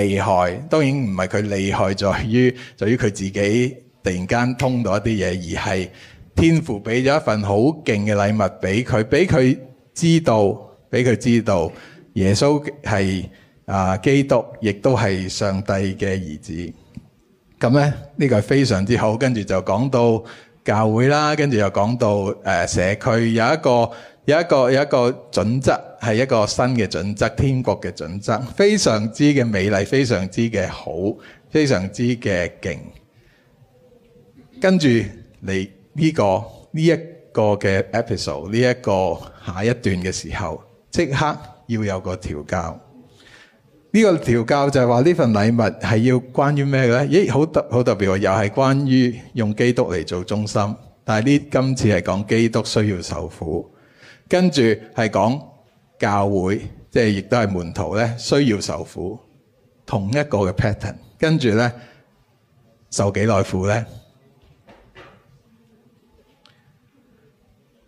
厲害，當然唔係佢厲害在於在於佢自己突然間通到一啲嘢，而係天父俾咗一份好勁嘅禮物俾佢，俾佢知道，俾佢知道耶穌係啊基督，亦都係上帝嘅兒子。咁咧呢個係非常之好，跟住就講到教會啦，跟住又講到誒社區有一個。有一個有一個準則係一個新嘅準則，天國嘅準則，非常之嘅美麗，非常之嘅好，非常之嘅勁。跟住嚟，呢個呢一個嘅 episode，呢一個下一段嘅時候，即刻要有個調教。呢個調教就係話呢份禮物係要關於咩嘅呢？咦，好特好特別，又係關於用基督嚟做中心，但係呢今次係講基督需要受苦。跟住係講教會，即係亦都係門徒咧，需要受苦，同一個嘅 pattern。跟住咧，受幾耐苦咧？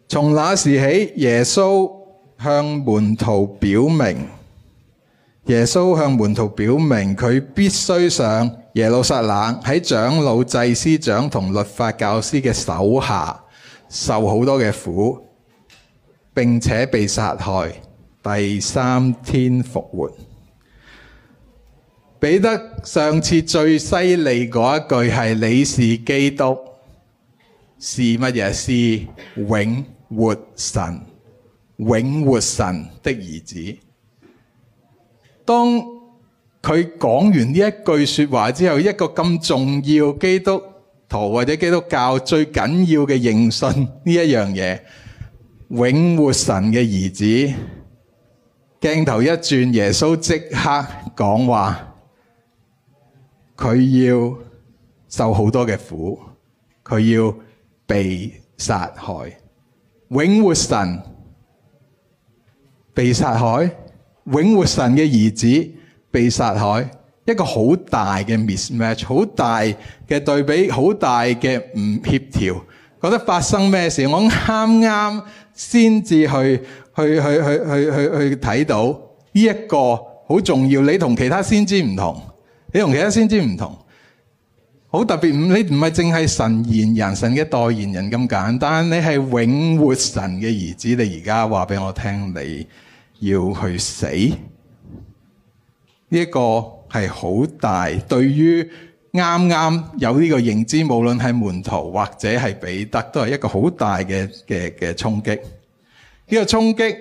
從那時起，耶穌向門徒表明，耶穌向門徒表明佢必須上耶路撒冷，喺長老、祭司長同律法教師嘅手下受好多嘅苦。並且被殺害，第三天復活。彼得上次最犀利嗰一句係：你是基督，是乜嘢？是永活神，永活神的兒子。當佢講完呢一句說話之後，一個咁重要基督徒或者基督教最緊要嘅認信呢一樣嘢。永活神嘅兒子，鏡頭一轉，耶穌即刻講話，佢要受好多嘅苦，佢要被殺害。永活神被殺害，永活神嘅兒子被殺害，一個好大嘅 mismatch，好大嘅對比，好大嘅唔協調。覺得發生咩事？我啱啱先至去去去去去去去睇到呢一個好重要。你同其他先知唔同，你同其他先知唔同，好特別。你唔係淨係神言人，神嘅代言人咁簡單。你係永活神嘅兒子。你而家話俾我聽，你要去死呢一個係好大對於。啱啱有呢個認知，無論係門徒或者係彼得，都係一個好大嘅嘅嘅衝擊。呢個衝擊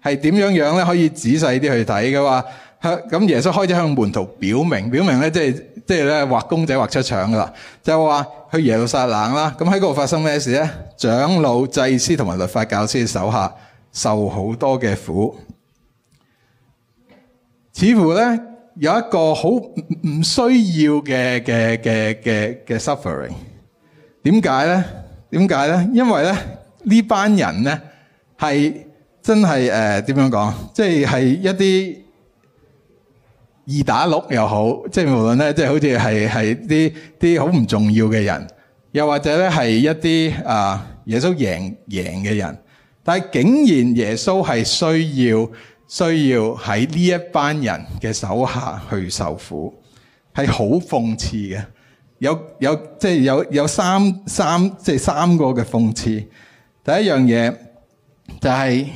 係點樣樣咧？可以仔細啲去睇嘅話，咁耶穌開始向門徒表明，表明咧即係即係咧畫公仔畫出腸啦，就話去耶路撒冷啦。咁喺嗰度發生咩事咧？長老、祭司同埋律法教師手下受好多嘅苦，似乎咧。有一個好唔需要嘅嘅嘅嘅嘅 suffering，點解咧？點解咧？因為咧呢班人咧係真係誒點樣講？即係係一啲二打六又好，即係無論咧，即係好似係係啲啲好唔重要嘅人，又或者咧係一啲啊耶穌贏贏嘅人，但係竟然耶穌係需要。需要喺呢一班人嘅手下去受苦，係好諷刺嘅。有有即係、就是、有有三三即係、就是、三個嘅諷刺。第一樣嘢就係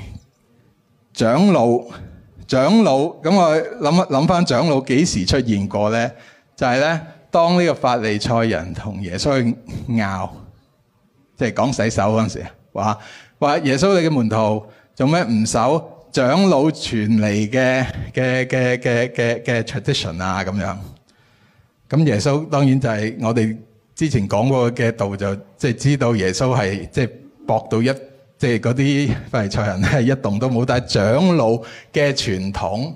長老長老，咁我諗一諗翻長老幾時出現過咧？就係、是、咧當呢個法利賽人同耶穌去拗，即係講洗手嗰陣時，話話「耶穌你嘅門徒做咩唔守？」長老傳嚟嘅嘅嘅嘅嘅嘅 tradition 啊，咁樣咁耶穌當然就係我哋之前講過嘅道就即係、就係、知道耶穌係即係博到一即係嗰啲法利賽人咧一動都冇，但係長老嘅傳統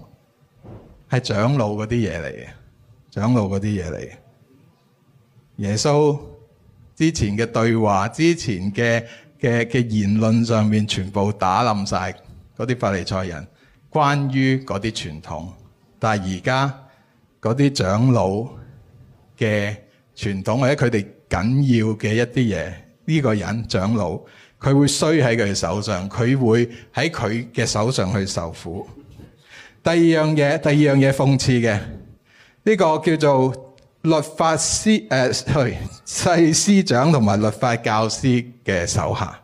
係長老嗰啲嘢嚟嘅，長老嗰啲嘢嚟嘅。耶穌之前嘅對話、之前嘅嘅嘅言論上面全部打冧晒。嗰啲法利賽人關於嗰啲傳統，但係而家嗰啲長老嘅傳統或者佢哋緊要嘅一啲嘢，呢個人長老佢會衰喺佢嘅手上，佢會喺佢嘅手上去受苦。第二樣嘢，第二樣嘢諷刺嘅呢個叫做律法師，誒，sorry，祭司長同埋律法教師嘅手下。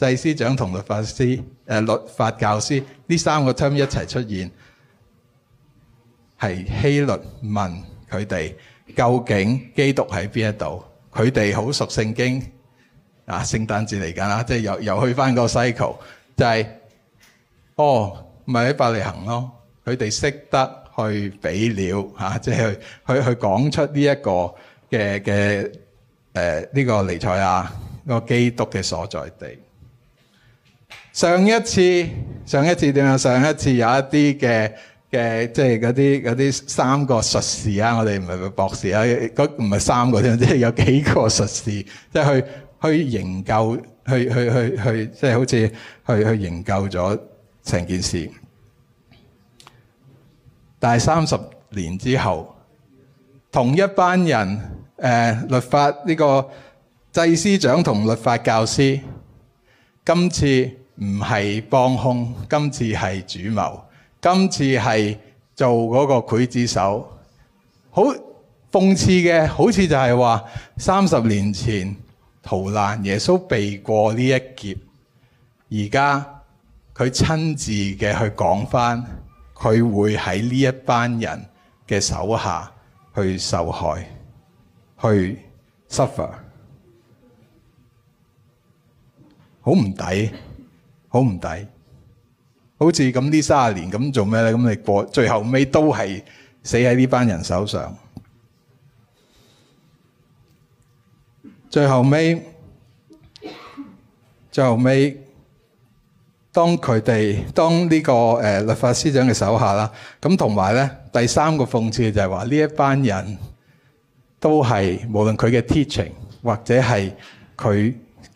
祭司長同律法師，誒律法教師呢三個 term 一齊出現，係希律問佢哋究竟基督喺邊一度？佢哋好熟聖經啊，聖誕節嚟緊啦，即係又又去翻個 cycle 就係、是、哦，咪喺伯利恆咯。佢哋識得去畀料、啊、即係去去去講出呢、這、一個嘅嘅誒呢個彌賽亞個基督嘅所在地。上一次，上一次點啊？上一次有一啲嘅嘅，即係嗰啲啲三個術士啊，我哋唔係博士啊，嗰唔係三個啫，即係有幾個術士，即係去去營救，去去去去，即係好似去去營救咗成件事。但係三十年之後，同一班人，誒律法呢個祭司長同律法教師，今次。唔係幫兇，今次係主謀，今次係做嗰個劊子手。好諷刺嘅，好似就係話三十年前逃難，耶穌避過呢一劫，而家佢親自嘅去講返，佢會喺呢一班人嘅手下去受害，去 suffer，好唔抵。好唔抵？好似咁呢三十年咁做咩咧？咁你過最後尾都係死喺呢班人手上。最後尾，最後尾，當佢哋當呢個誒律法司長嘅手下啦。咁同埋咧，第三個諷刺就係話呢一班人都係無論佢嘅 teaching 或者係佢。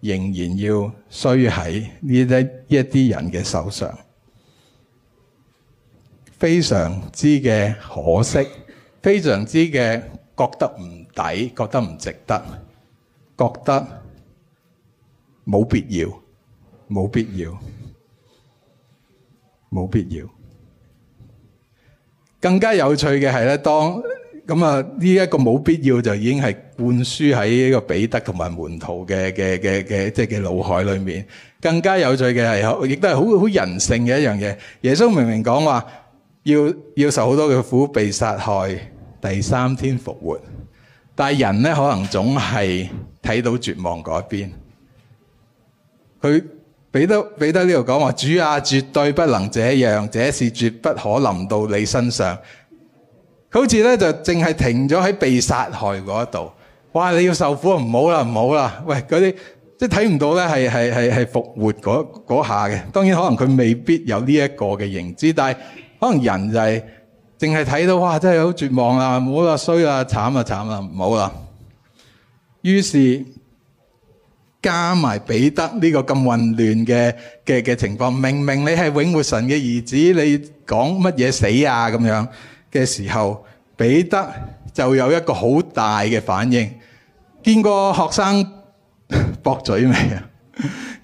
仍然要衰喺呢一一啲人嘅手上，非常之嘅可惜，非常之嘅覺得唔抵，覺得唔值得，覺得冇必要，冇必要，冇必要。更加有趣嘅係咧，當咁啊！呢一個冇必要就已經係灌輸喺呢個彼得同埋門徒嘅嘅嘅嘅即係嘅腦海裏面。更加有趣嘅係，亦都係好好人性嘅一樣嘢。耶穌明明講話要要受好多嘅苦，被殺害，第三天復活。但係人呢可能總係睇到絕望嗰一邊。佢彼得彼得呢度講話：主啊，絕對不能這樣，這是絕不可能到你身上。好似咧就淨係停咗喺被殺害嗰度，哇！你要受苦啊，唔好啦，唔好啦，喂！嗰啲即係睇唔到咧，係係係係復活嗰嗰下嘅。當然可能佢未必有呢一個嘅認知，但係可能人就係淨係睇到哇，真係好絕望啊，唔好啦，衰啊，慘啊，慘啦，唔好啦。於是加埋彼得呢個咁混亂嘅嘅嘅情況，明明你係永活神嘅兒子，你講乜嘢死啊咁樣？嘅時候，彼得就有一個好大嘅反應。見過學生駁嘴未啊？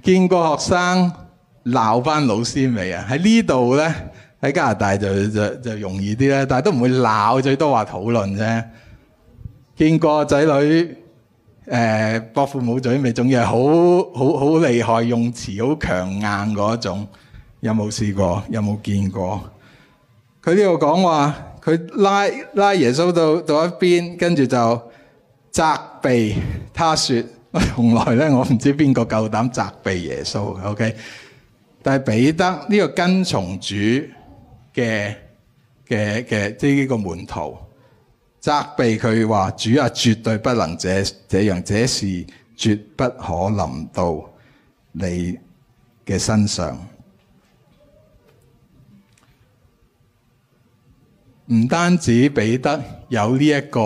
見過學生鬧返老師未啊？喺呢度咧，喺加拿大就就就容易啲啦，但係都唔會鬧，最多話討論啫。見過仔女誒駁、呃、父母嘴未？仲要係好好好厲害用詞，好強硬嗰一種。有冇試過？有冇見過？佢呢度講話。佢拉拉耶穌到到一邊，跟住就責備他，說：從來咧，我唔知邊個夠膽責備耶穌。OK，但係彼得呢、這個跟從主嘅嘅嘅，即呢、這個門徒，責備佢話：主啊，絕對不能這這樣，這事絕不可能到你嘅身上。唔單止彼得有呢一個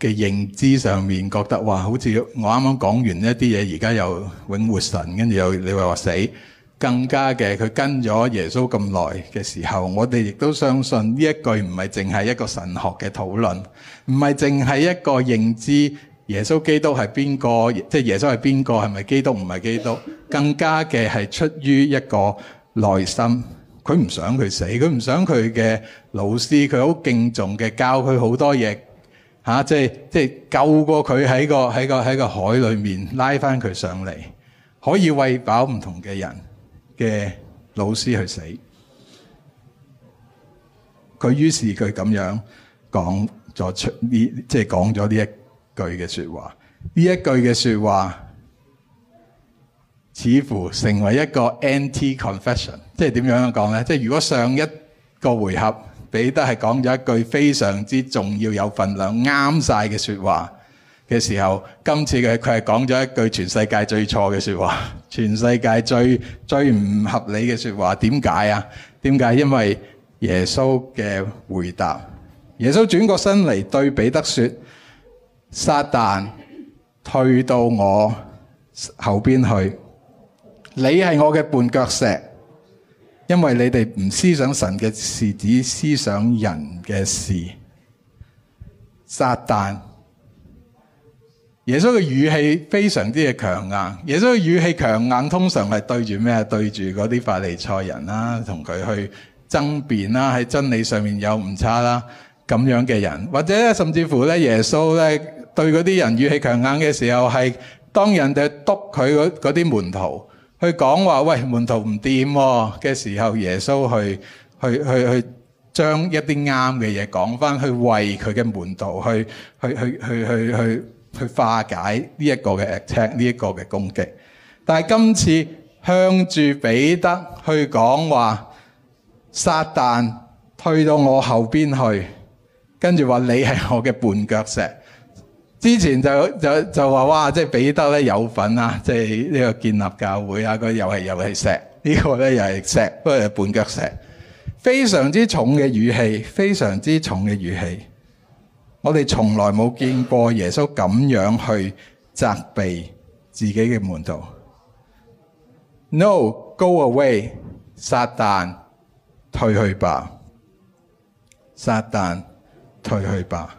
嘅認知上面覺得哇，好似我啱啱講完呢一啲嘢，而家又永活神，跟住又你話死，更加嘅佢跟咗耶穌咁耐嘅時候，我哋亦都相信呢一句唔係淨係一個神學嘅討論，唔係淨係一個認知耶穌基督係邊個，即係耶穌係邊個係咪基督唔係基督，更加嘅係出於一個內心。佢唔想佢死，佢唔想佢嘅老師，佢好敬重嘅，教佢好多嘢，嚇，即係即係救過佢喺個喺個喺個海裏面拉翻佢上嚟，可以餵飽唔同嘅人嘅老師去死。佢於是佢咁樣講咗出呢，即係講咗呢一句嘅說話，呢一句嘅說話。似乎成為一個 anti-confession，即係點樣講呢？即係如果上一個回合彼得係講咗一句非常之重要、有份量、啱晒嘅說話嘅時候，今次嘅佢係講咗一句全世界最錯嘅說話，全世界最最唔合理嘅說話。點解啊？點解？因為耶穌嘅回答，耶穌轉過身嚟對彼得說：撒旦退到我後邊去。你係我嘅絆腳石，因為你哋唔思想神嘅事，只思想人嘅事。撒旦，耶穌嘅語氣非常之嘅強硬。耶穌嘅語氣強硬，通常係對住咩？對住嗰啲法利賽人啦，同佢去爭辯啦，喺真理上面有誤差啦，咁樣嘅人，或者甚至乎咧，耶穌咧對嗰啲人語氣強硬嘅時候，係當人哋督佢嗰嗰啲門徒。去講話，喂，門徒唔掂嘅時候，耶穌去去去去將一啲啱嘅嘢講返，去為佢嘅門徒去去去去去去去化解呢一個嘅 attack，呢一個嘅攻擊。但係今次向住彼得去講話，撒旦推到我後邊去，跟住話你係我嘅絆腳石。之前就就就話哇，即係彼得咧有份啊，即係呢個建立教會啊，佢又係又係石，呢個咧又係石，不過係半腳石，非常之重嘅語氣，非常之重嘅語氣。我哋從來冇見過耶穌咁樣去責備自己嘅門徒。No，go away，撒旦退去吧，撒旦退去吧。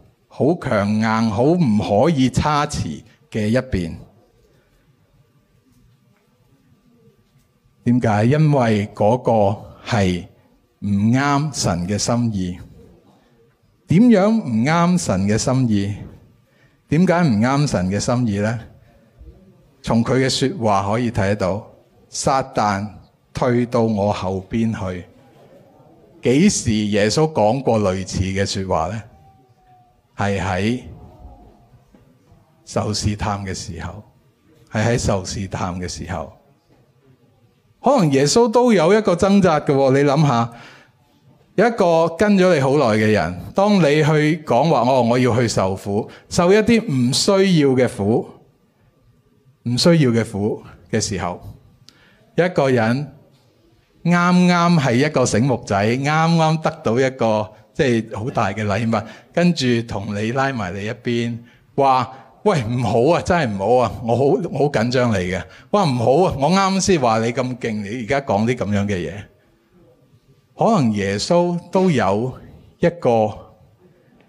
好強硬、好唔可以差池嘅一邊，點解？因為嗰個係唔啱神嘅心意。點樣唔啱神嘅心意？點解唔啱神嘅心意呢？從佢嘅說話可以睇到，撒旦退到我後邊去。幾時耶穌講過類似嘅說話呢？係喺受試探嘅時候，係喺受試探嘅時候，可能耶穌都有一個掙扎嘅。你諗下，一個跟咗你好耐嘅人，當你去講話，我、哦、我要去受苦，受一啲唔需要嘅苦，唔需要嘅苦嘅時候，一個人啱啱係一個醒目仔，啱啱得到一個。即係好大嘅禮物，跟住同你拉埋你一邊，話：喂，唔好啊，真係唔好啊！我好我好緊張你嘅，話唔好啊！我啱先話你咁勁，你而家講啲咁樣嘅嘢，可能耶穌都有一個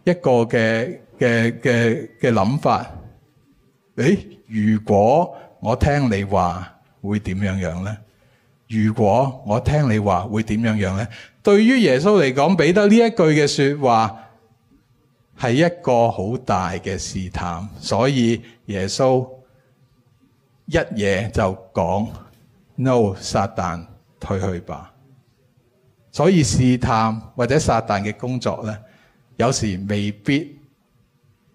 一個嘅嘅嘅嘅諗法。誒，如果我聽你話會點樣樣咧？如果我聽你話會點樣樣咧？對於耶穌嚟講，彼得呢一句嘅說話係一個好大嘅試探，所以耶穌一嘢就講：No，撒旦退去吧。所以試探或者撒旦嘅工作咧，有時未必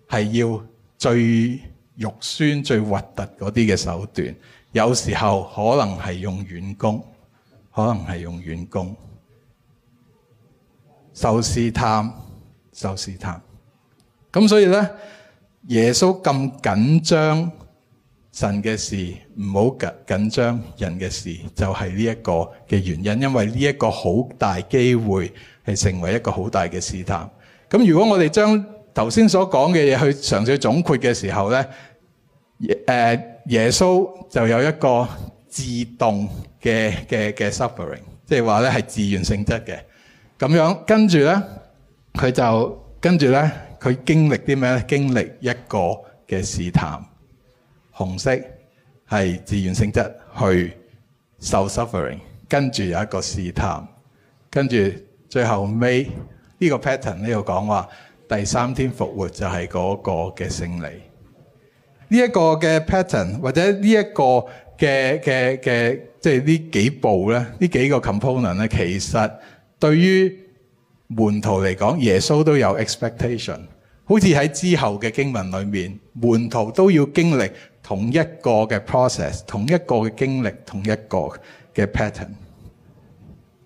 係要最肉酸、最核突嗰啲嘅手段，有時候可能係用軟功，可能係用軟功。受試探，受試探。咁所以咧，耶穌咁緊張神嘅事，唔好緊緊張人嘅事，就係呢一個嘅原因。因為呢一個好大機會係成為一個好大嘅試探。咁如果我哋將頭先所講嘅嘢去嘗試總括嘅時候咧，耶誒耶穌就有一個自動嘅嘅嘅 suffering，即係話咧係自願性質嘅。咁樣跟住咧，佢就跟住咧，佢經歷啲咩咧？經歷一個嘅試探，紅色係自願性質去受 suffering，跟住有一個試探，跟住最後尾呢，這個 pattern 呢度講話，第三天復活就係嗰個嘅勝利。呢、這、一個嘅 pattern 或者呢一個嘅嘅嘅，即係呢幾步咧，呢幾個 component 咧，其實。對於門徒嚟講，耶穌都有 expectation，好似喺之後嘅經文裏面，門徒都要經歷同一個嘅 process，同一個嘅經歷，同一個嘅 pattern。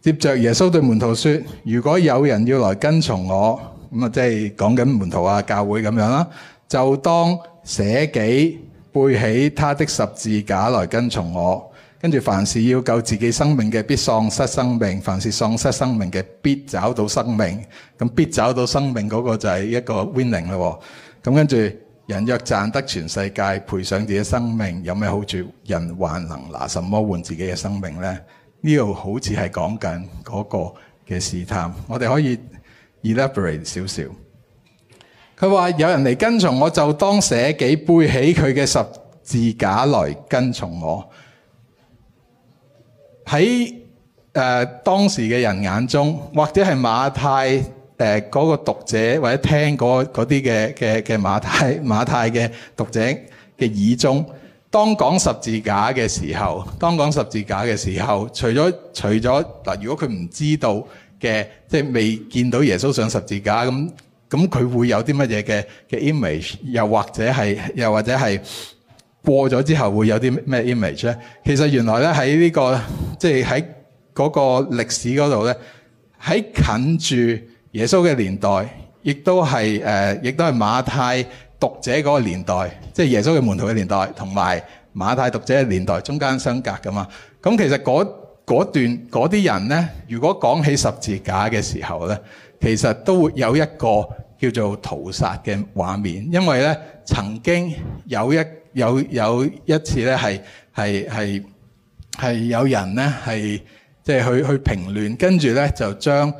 接着耶穌對門徒說：如果有人要來跟從我，咁啊，即係講緊門徒啊、教會咁樣啦，就當捨己，背起他的十字架來跟從我。跟住，凡事要救自己生命嘅，必喪失生命；凡事喪失生命嘅，必找到生命。咁必找到生命嗰個就係一個 winning 咯。咁跟住，人若賺得全世界，賠上自己生命，有咩好處？人還能拿什麼換自己嘅生命呢？呢度好似係講緊嗰個嘅試探。我哋可以 elaborate 少少。佢話：有人嚟跟從我，就當捨己背起佢嘅十字架來跟從我。喺誒、呃、當時嘅人眼中，或者係馬太誒嗰、呃嗰個讀者，或者聽嗰啲嘅嘅嘅馬太馬太嘅讀者嘅耳中，當講十字架嘅時候，當講十字架嘅時候，除咗除咗嗱，如果佢唔知道嘅，即係未見到耶穌上十字架咁，咁佢會有啲乜嘢嘅嘅 image，又或者係又或者係。過咗之後會有啲咩 image 咧？其實原來咧喺呢個即係喺嗰個歷史嗰度咧，喺近住耶穌嘅年代，亦都係、呃、亦都係馬太讀者嗰個年代，即係耶穌嘅門徒嘅年代，同埋馬太讀者嘅年代中間相隔噶嘛。咁、嗯、其實嗰嗰段嗰啲人咧，如果講起十字架嘅時候咧，其實都會有一個叫做屠殺嘅畫面，因為咧曾經有一有有一次咧，係係係係有人咧係即係去去平亂，跟住咧就將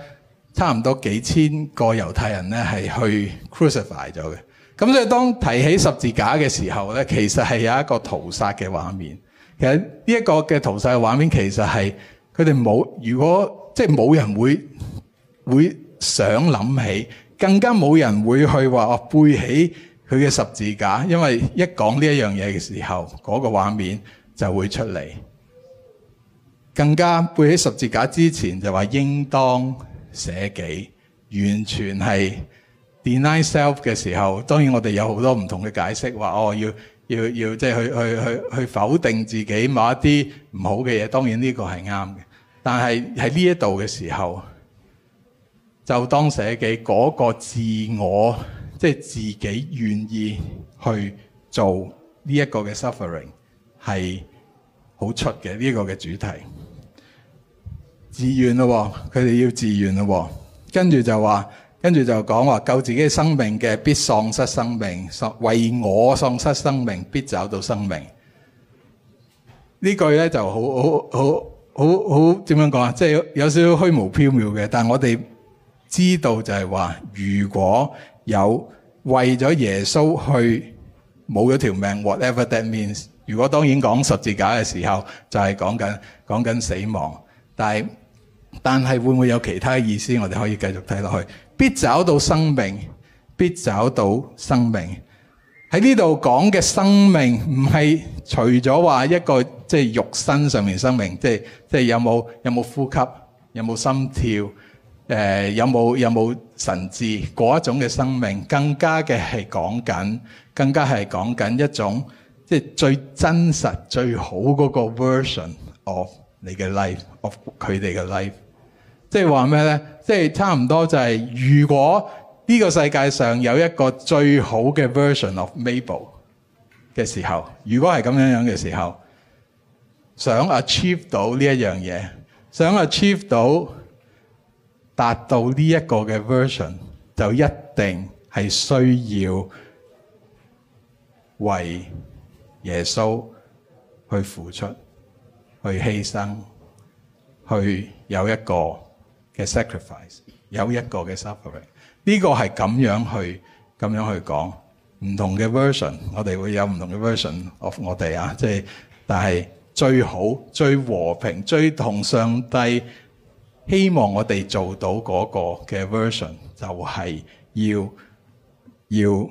差唔多幾千個猶太人咧係去 crucify 咗嘅。咁所以當提起十字架嘅時候咧，其實係有一個屠殺嘅畫面。其實呢一個嘅屠殺嘅畫面其實係佢哋冇，如果即係冇人會會想諗起，更加冇人會去話我背起。佢嘅十字架，因為一講呢一樣嘢嘅時候，嗰個畫面就會出嚟。更加背起十字架之前就話應當捨己，完全係 deny self 嘅時候。當然我哋有好多唔同嘅解釋，話哦要要要即係去去去去否定自己某一啲唔好嘅嘢。當然呢個係啱嘅，但係喺呢一度嘅時候，就當捨己嗰個自我。即係自己願意去做呢一個嘅 suffering 係好出嘅呢個嘅主題，自願咯，佢哋要自願咯。跟住就話，跟住就講話救自己生命嘅必喪失生命，為我喪失生命必找到生命呢句咧就好好好好好點樣講啊？即係有少少虛無縹緲嘅，但係我哋知道就係話，如果有為咗耶穌去冇咗條命，whatever that means。如果當然講十字架嘅時候，就係講緊講緊死亡。但係但係會唔會有其他意思？我哋可以繼續睇落去。必找到生命，必找到生命。喺呢度講嘅生命唔係除咗話一個即係、就是、肉身上面生命，即係即係有冇有冇呼吸，有冇心跳。誒、呃、有冇有冇神智嗰一種嘅生命更，更加嘅係講緊，更加係講緊一種即係最真實最好嗰個 version of 你嘅 life of 佢哋嘅 life。即係話咩咧？即係差唔多就係、是，如果呢個世界上有一個最好嘅 version of Mabel 嘅時候，如果係咁樣樣嘅時候，想 achieve 到呢一樣嘢，想 achieve 到。達到呢一個嘅 version，就一定係需要為耶穌去付出、去犧牲、去有一個嘅 sacrifice、有一個嘅 suffering。呢個係咁樣去咁樣去講，唔同嘅 version，我哋會有唔同嘅 version of 我哋啊，即係，但係最好、最和平、最同上帝。希望我哋做到嗰個嘅 version，就係要要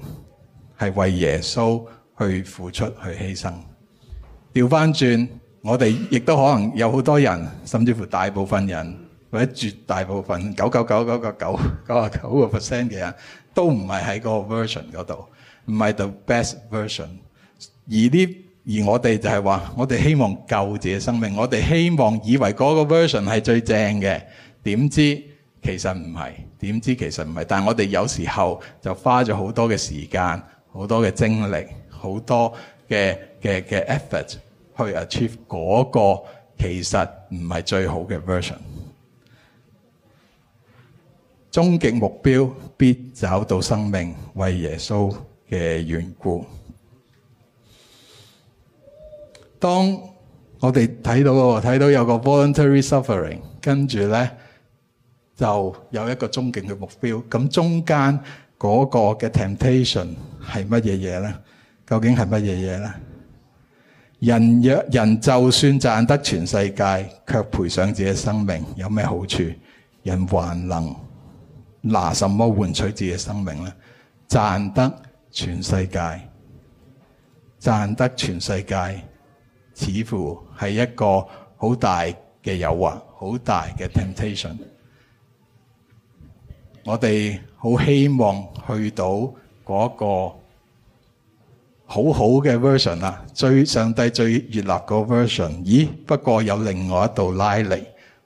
係為耶穌去付出、去犧牲。掉返轉，我哋亦都可能有好多人，甚至乎大部分人或者絕大部分九九九九個九九啊九個 percent 嘅人，都唔係喺個 version 嗰度，唔係 the best version。而呢？而我哋就係話，我哋希望救自己嘅生命，我哋希望以為嗰個 version 係最正嘅，點知其實唔係，點知其實唔係。但係我哋有時候就花咗好多嘅時間、好多嘅精力、好多嘅嘅嘅 effort 去 achieve 嗰個其實唔係最好嘅 version。終極目標必找到生命，為耶穌嘅緣故。當我哋睇到喎，睇到有個 voluntary suffering，跟住呢，就有一個終極嘅目標。咁中間嗰個嘅 temptation 係乜嘢嘢呢？究竟係乜嘢嘢呢？人若人就算賺得全世界，卻賠上自己嘅生命，有咩好處？人還能拿什麼換取自己嘅生命呢？賺得全世界，賺得全世界。似乎係一個好大嘅誘惑，好大嘅 temptation。我哋好希望去到嗰個好好嘅 version 啦，最上帝最熱辣個 version。咦？不過有另外一道拉力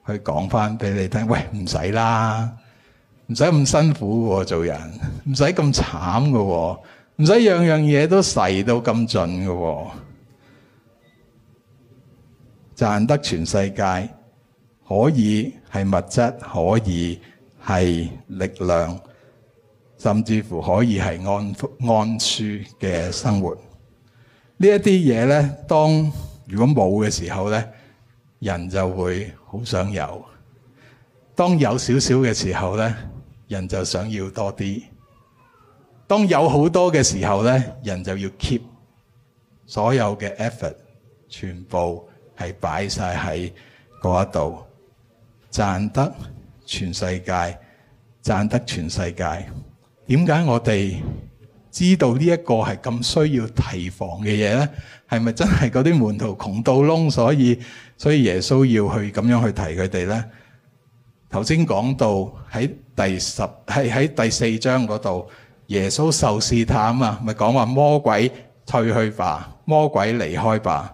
去講翻俾你聽。喂，唔使啦，唔使咁辛苦、啊、做人，唔使咁慘喎，唔使樣樣嘢都洗到咁盡喎。賺得全世界，可以係物質，可以係力量，甚至乎可以係安安舒嘅生活。呢一啲嘢咧，當如果冇嘅時候咧，人就會好想有；當有少少嘅時候咧，人就想要多啲；當有好多嘅時候咧，人就要 keep 所有嘅 effort，全部。係擺晒喺嗰一度，賺得全世界，賺得全世界。點解我哋知道呢一個係咁需要提防嘅嘢呢？係咪真係嗰啲門徒窮到窿，所以所以耶穌要去咁樣去提佢哋呢？頭先講到喺第十，係喺第四章嗰度，耶穌受試探啊，咪講話魔鬼退去吧，魔鬼離開吧。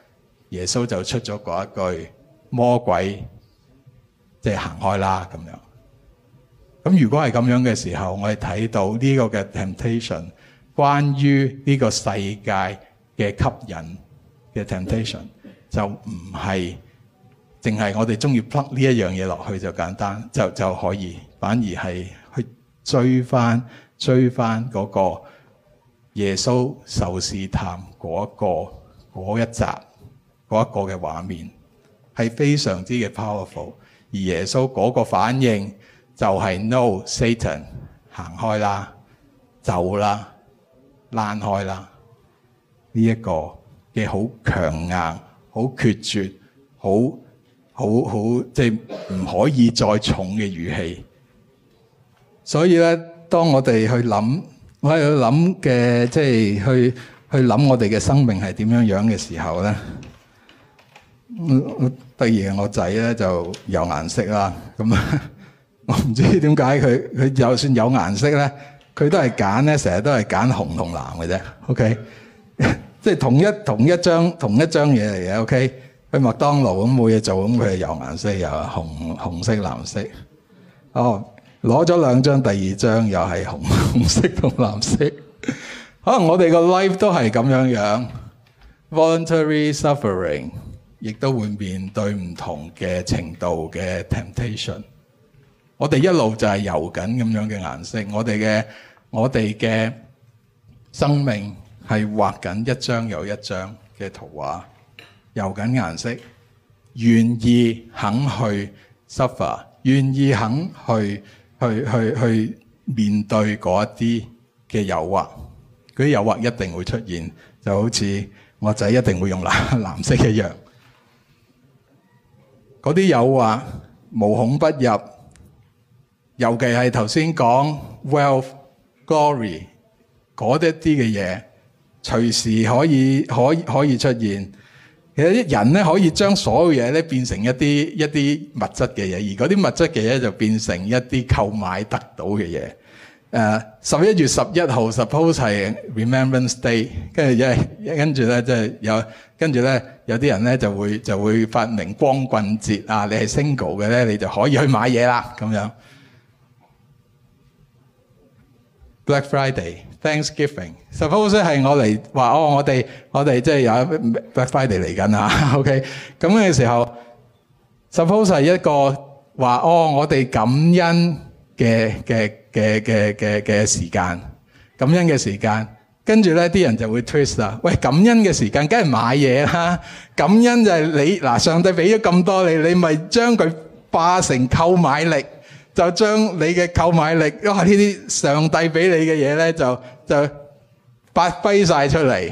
耶穌就出咗嗰一句魔鬼，即係行開啦咁樣。咁如果係咁樣嘅時候，我哋睇到呢個嘅 temptation，關於呢個世界嘅吸引嘅 temptation，就唔係淨係我哋中意 plug 呢一樣嘢落去就簡單就就可以，反而係去追翻追翻嗰個耶穌受試探嗰個嗰一集。嗰一個嘅畫面係非常之嘅 powerful，而耶穌嗰個反應就係 No Satan，行開啦，走啦，爛開啦。呢一個嘅好強硬、好決絕、好好好，即係唔可以再重嘅語氣。所以咧，當我哋去諗，我喺度諗嘅即係去去諗我哋嘅生命係點樣樣嘅時候咧。我我第二個我仔咧就有顏色啦，咁啊我唔知點解佢佢就算有顏色咧，佢都係揀咧，成日都係揀紅同藍嘅啫。OK，即係同一同一張同一張嘢嚟嘅。OK，去麥當勞咁冇嘢做咁，佢有顏色又紅紅色、藍色。哦，攞咗兩張，第二張又係紅紅色同藍色。可能我哋個 life 都係咁樣樣，voluntary suffering。亦都會面對唔同嘅程度嘅 temptation。我哋一路就係油緊咁樣嘅顏色，我哋嘅我哋嘅生命係畫緊一張又一張嘅圖畫，油緊顏色，願意肯去 suffer，願意肯去去去去面對嗰一啲嘅誘惑。嗰啲誘惑一定會出現，就好似我仔一定會用藍藍色一樣。嗰啲誘惑無孔不入，尤其係頭先講 wealth glory 嗰一啲嘅嘢，隨時可以可以可以出現，其實啲人咧可以將所有嘢咧變成一啲一啲物質嘅嘢，而嗰啲物質嘅嘢就變成一啲購買得到嘅嘢。誒十一月十一號，suppose 係 Remembrance Day，跟住即係跟住咧，即係有跟住咧，有啲人咧就會就會發明光棍節啊。你係 single 嘅咧，你就可以去買嘢啦，咁樣。Black Friday、Thanksgiving，suppose 係我嚟話哦，我哋我哋即係有 Black Friday 嚟緊啦。OK，咁嘅時候，suppose 係一個話哦，我哋感恩嘅嘅。嘅嘅嘅嘅時間，感恩嘅時間，跟住咧啲人就會 twist 啦。喂，感恩嘅時間梗係買嘢啦，感恩就係你嗱，上帝俾咗咁多你，你咪將佢化成購買力，就將你嘅購買力，哇，呢啲上帝俾你嘅嘢咧就就發揮晒出嚟，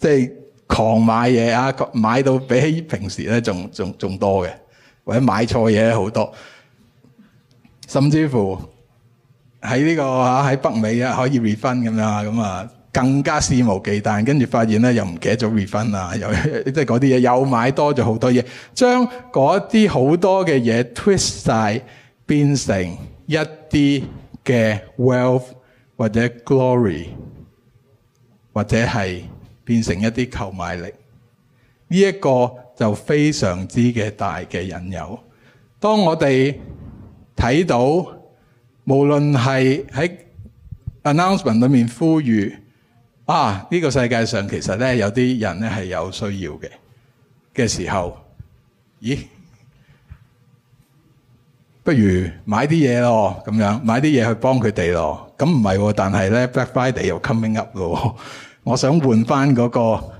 即係狂買嘢啊，買到比起平時咧仲仲仲多嘅，或者買錯嘢好多，甚至乎。喺呢個啊，喺北美啊，可以 refund 咁樣咁啊，更加肆無忌憚，跟住發現咧又唔記得咗 refund 啦，又即係嗰啲嘢又買多咗好多嘢，將嗰啲好多嘅嘢 twist 晒，變成一啲嘅 wealth 或者 glory，或者係變成一啲購買力，呢一個就非常之嘅大嘅引誘。當我哋睇到。無論係喺 announcement 裏面呼籲啊，呢個世界上其實咧有啲人咧係有需要嘅嘅時候，咦？不如買啲嘢咯，咁樣買啲嘢去幫佢哋咯。咁唔係，但係咧 Black Friday 又 coming up 咯。我想換翻嗰個。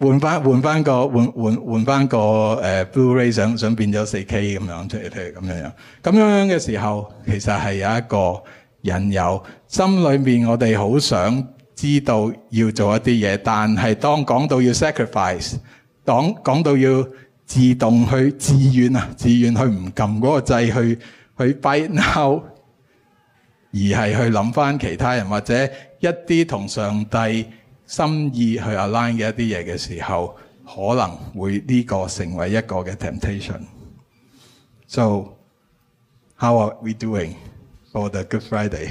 換翻換翻個換換換翻個誒，Blu-ray 想想變咗四 K 咁樣出嚟，即係咁樣樣。咁樣樣嘅時候，其實係有一個引誘。心裏面我哋好想知道要做一啲嘢，但係當講到要 sacrifice，當講到要自動去、自願啊、自願去唔撳嗰個掣去去 buy now，而係去諗翻其他人或者一啲同上帝。心意去 align 嘅一啲嘢嘅時候，可能會呢個成為一個嘅 temptation。So, how are we doing for the Good Friday？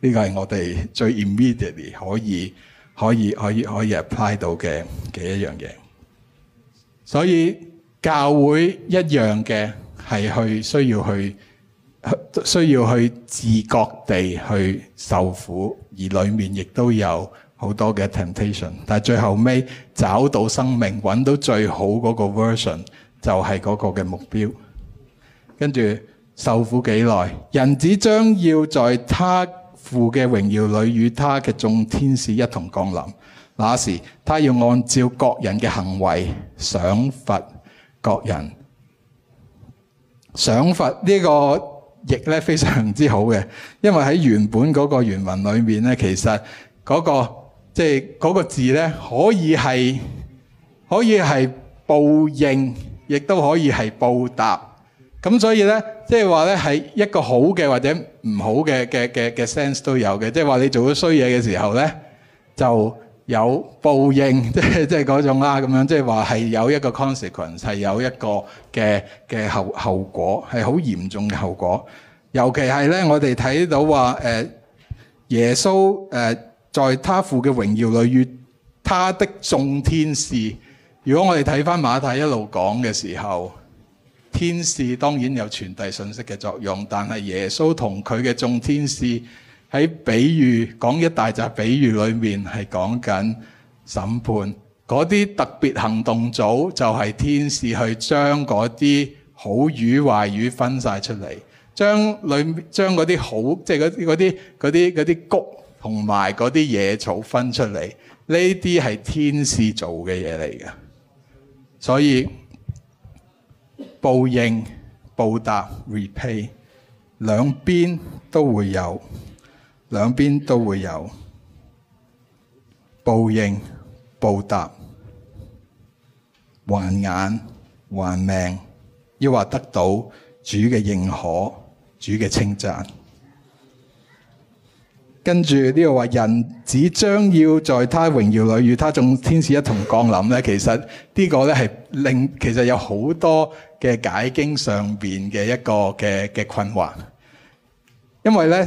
呢個係我哋最 immediately 可以、可以、可以、可以 apply 到嘅嘅一樣嘢。所以教會一樣嘅係去需要去需要去自覺地去受苦，而裡面亦都有，好多嘅 temptation，但係最後尾找到生命，揾到最好嗰個 version 就係嗰個嘅目標。跟住受苦幾耐，人子將要在他父嘅榮耀裏與他嘅眾天使一同降臨，那時，他要按照各人嘅行為賞罰各人，賞罰個呢個譯咧非常之好嘅，因為喺原本嗰個原文裏面咧，其實嗰、那個。即係嗰、那個字咧，可以係可以係報應，亦都可以係報答。咁所以咧，即係話咧，係一個好嘅或者唔好嘅嘅嘅嘅 sense 都有嘅。即係話你做咗衰嘢嘅時候咧，就有報應，即係、就是啊、即係嗰種啦。咁樣即係話係有一個 consequence，係有一個嘅嘅後後果，係好嚴重嘅後果。尤其係咧，我哋睇到話耶穌誒在他父嘅榮耀裏，與他的眾天使。如果我哋睇返馬太一路講嘅時候，天使當然有傳遞信息嘅作用，但係耶穌同佢嘅眾天使喺比喻講，一大集比喻裏面係講緊審判。嗰啲特別行動組就係天使去將嗰啲好與壞與分晒出嚟，將嗰啲好即係嗰嗰啲嗰啲嗰啲谷。同埋嗰啲野草分出嚟，呢啲係天使做嘅嘢嚟嘅，所以報應報答 repay 兩邊都會有，兩邊都會有報應報答還眼還命，要話得到主嘅認可，主嘅稱讚。跟住呢個話，人子將要在他榮耀裏與他眾天使一同降臨咧，其實呢個咧係令其實有好多嘅解經上邊嘅一個嘅嘅困惑，因為咧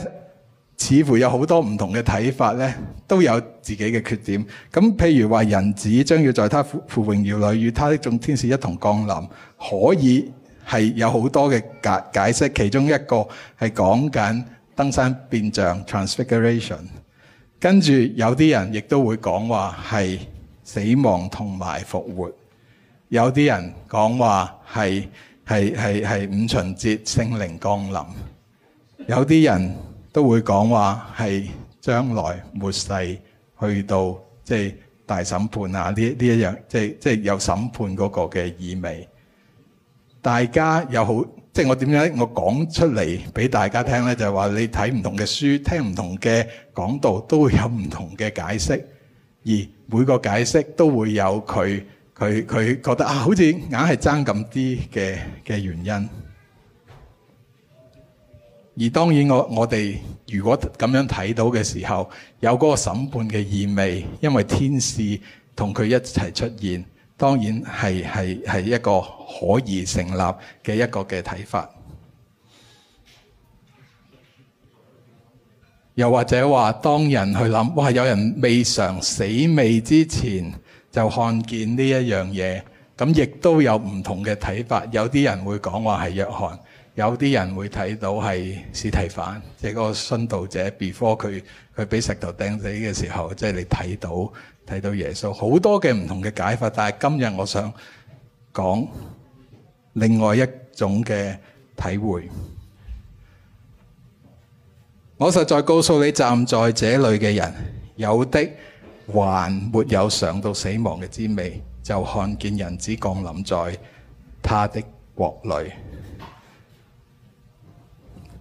似乎有好多唔同嘅睇法咧，都有自己嘅缺點。咁譬如話，人子將要在他父榮耀裏與他眾天使一同降臨，可以係有好多嘅解解釋，其中一個係講緊。登山變像 (transfiguration)，跟住有啲人亦都會講話係死亡同埋復活，有啲人講話係係係係五旬節聖靈降臨，有啲人都會講話係將來末世去到即係、即係、大審判啊！呢呢一樣即係即係有審判嗰個嘅意味，大家有好。即係我點解我講出嚟俾大家聽咧，就係話你睇唔同嘅書，聽唔同嘅講道，都會有唔同嘅解釋，而每個解釋都會有佢佢佢覺得啊，好似硬係爭咁啲嘅嘅原因。而當然我我哋如果咁樣睇到嘅時候，有嗰個審判嘅意味，因為天使同佢一齊出現。當然係一個可以成立嘅一個嘅睇法，又或者話當人去諗，哇！有人未嘗死未之前就看見呢一樣嘢，噉亦都有唔同嘅睇法。有啲人會講話係約翰。有啲人會睇到係司提反，即係嗰個殉道者 before 佢，佢俾石頭掟死嘅時候，即係你睇到睇到耶穌好多嘅唔同嘅解法，但係今日我想講另外一種嘅體會。我實在告訴你，站在這裏嘅人，有的還沒有嘗到死亡嘅滋味，就看見人子降臨在他的國裏。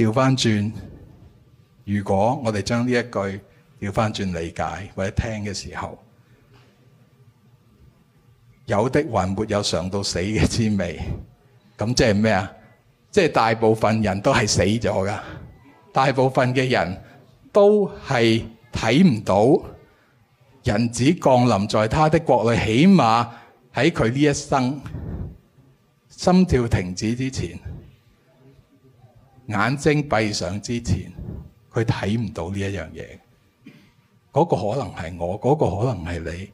調翻轉，如果我哋將呢一句調翻轉理解或者聽嘅時候，有的還沒有嘗到死嘅滋味，咁即係咩啊？即係大部分人都係死咗噶，大部分嘅人都係睇唔到人子降臨在他的國內，起碼喺佢呢一生心跳停止之前。眼睛閉上之前，佢睇唔到呢一樣嘢。嗰個可能係我，嗰個可能係你，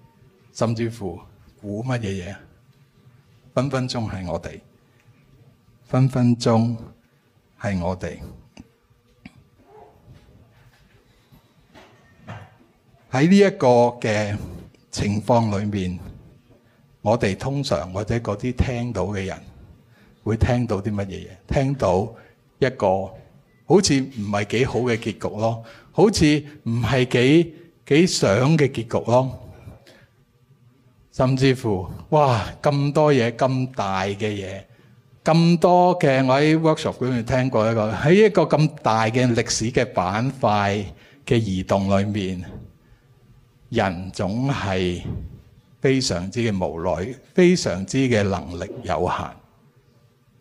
甚至乎估乜嘢嘢，分分鐘係我哋，分分鐘係我哋喺呢一個嘅情況裏面，我哋通常或者嗰啲聽到嘅人會聽到啲乜嘢嘢，聽到。一個好似唔係幾好嘅結局咯，好似唔係幾幾想嘅結局咯。甚至乎，哇！咁多嘢，咁大嘅嘢，咁多嘅。我喺 workshop 裏面聽過一個，喺一個咁大嘅歷史嘅板塊嘅移動裏面，人總係非常之嘅無奈，非常之嘅能力有限。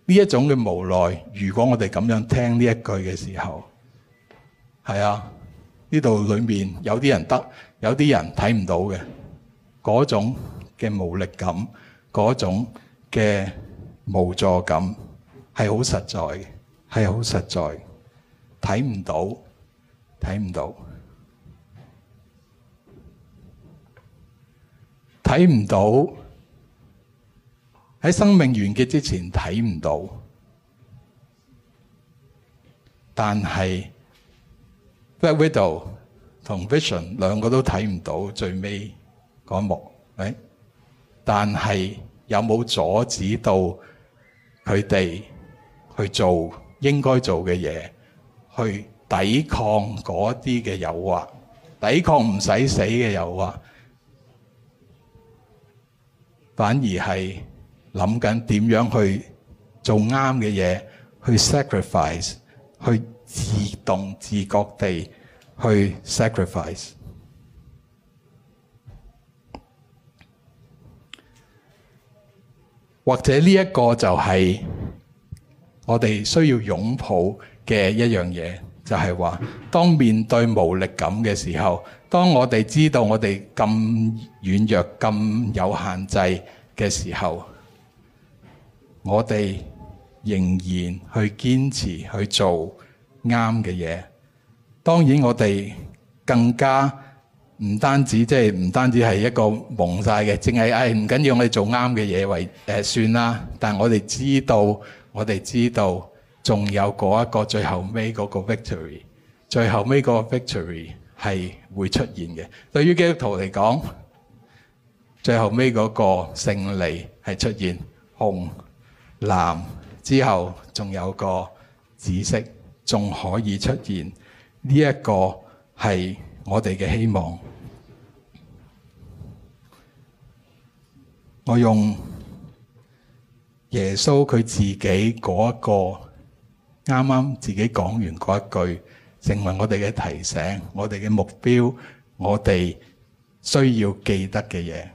呢一種嘅無奈，如果我哋咁樣聽呢一句嘅時候，係啊，呢度裏面有啲人得，有啲人睇唔到嘅，嗰種嘅無力感，嗰種嘅無助感，係好實在嘅，係好實在，睇唔到，睇唔到，睇唔到。喺生命完結之前睇唔到，但係 Black Widow 同 Vision 兩個都睇唔到最尾嗰一幕。誒，但係有冇阻止到佢哋去做應該做嘅嘢，去抵抗嗰啲嘅誘惑，抵抗唔使死嘅誘惑，反而係，諗緊點樣去做啱嘅嘢，去 sacrifice，去自動、自覺地去 sacrifice。或者呢一個就係我哋需要擁抱嘅一樣嘢，就係話，當面對無力感嘅時候，當我哋知道我哋咁軟弱、咁有限制嘅時候。我哋仍然去堅持去做啱嘅嘢。當然我哋更加唔單止，即係唔單止係一個蒙晒嘅，淨係誒，唔緊要，我哋做啱嘅嘢為誒、呃、算啦。但係我哋知道，我哋知道仲有嗰一個最後尾嗰個 victory，最後尾個 victory 係會出現嘅。對於基督徒嚟講，最後尾嗰勝利係出現紅。藍之後仲有個紫色，仲可以出現呢一個係我哋嘅希望。我用耶穌佢自己嗰一個啱啱自己講完嗰一句，成為我哋嘅提醒，我哋嘅目標，我哋需要記得嘅嘢。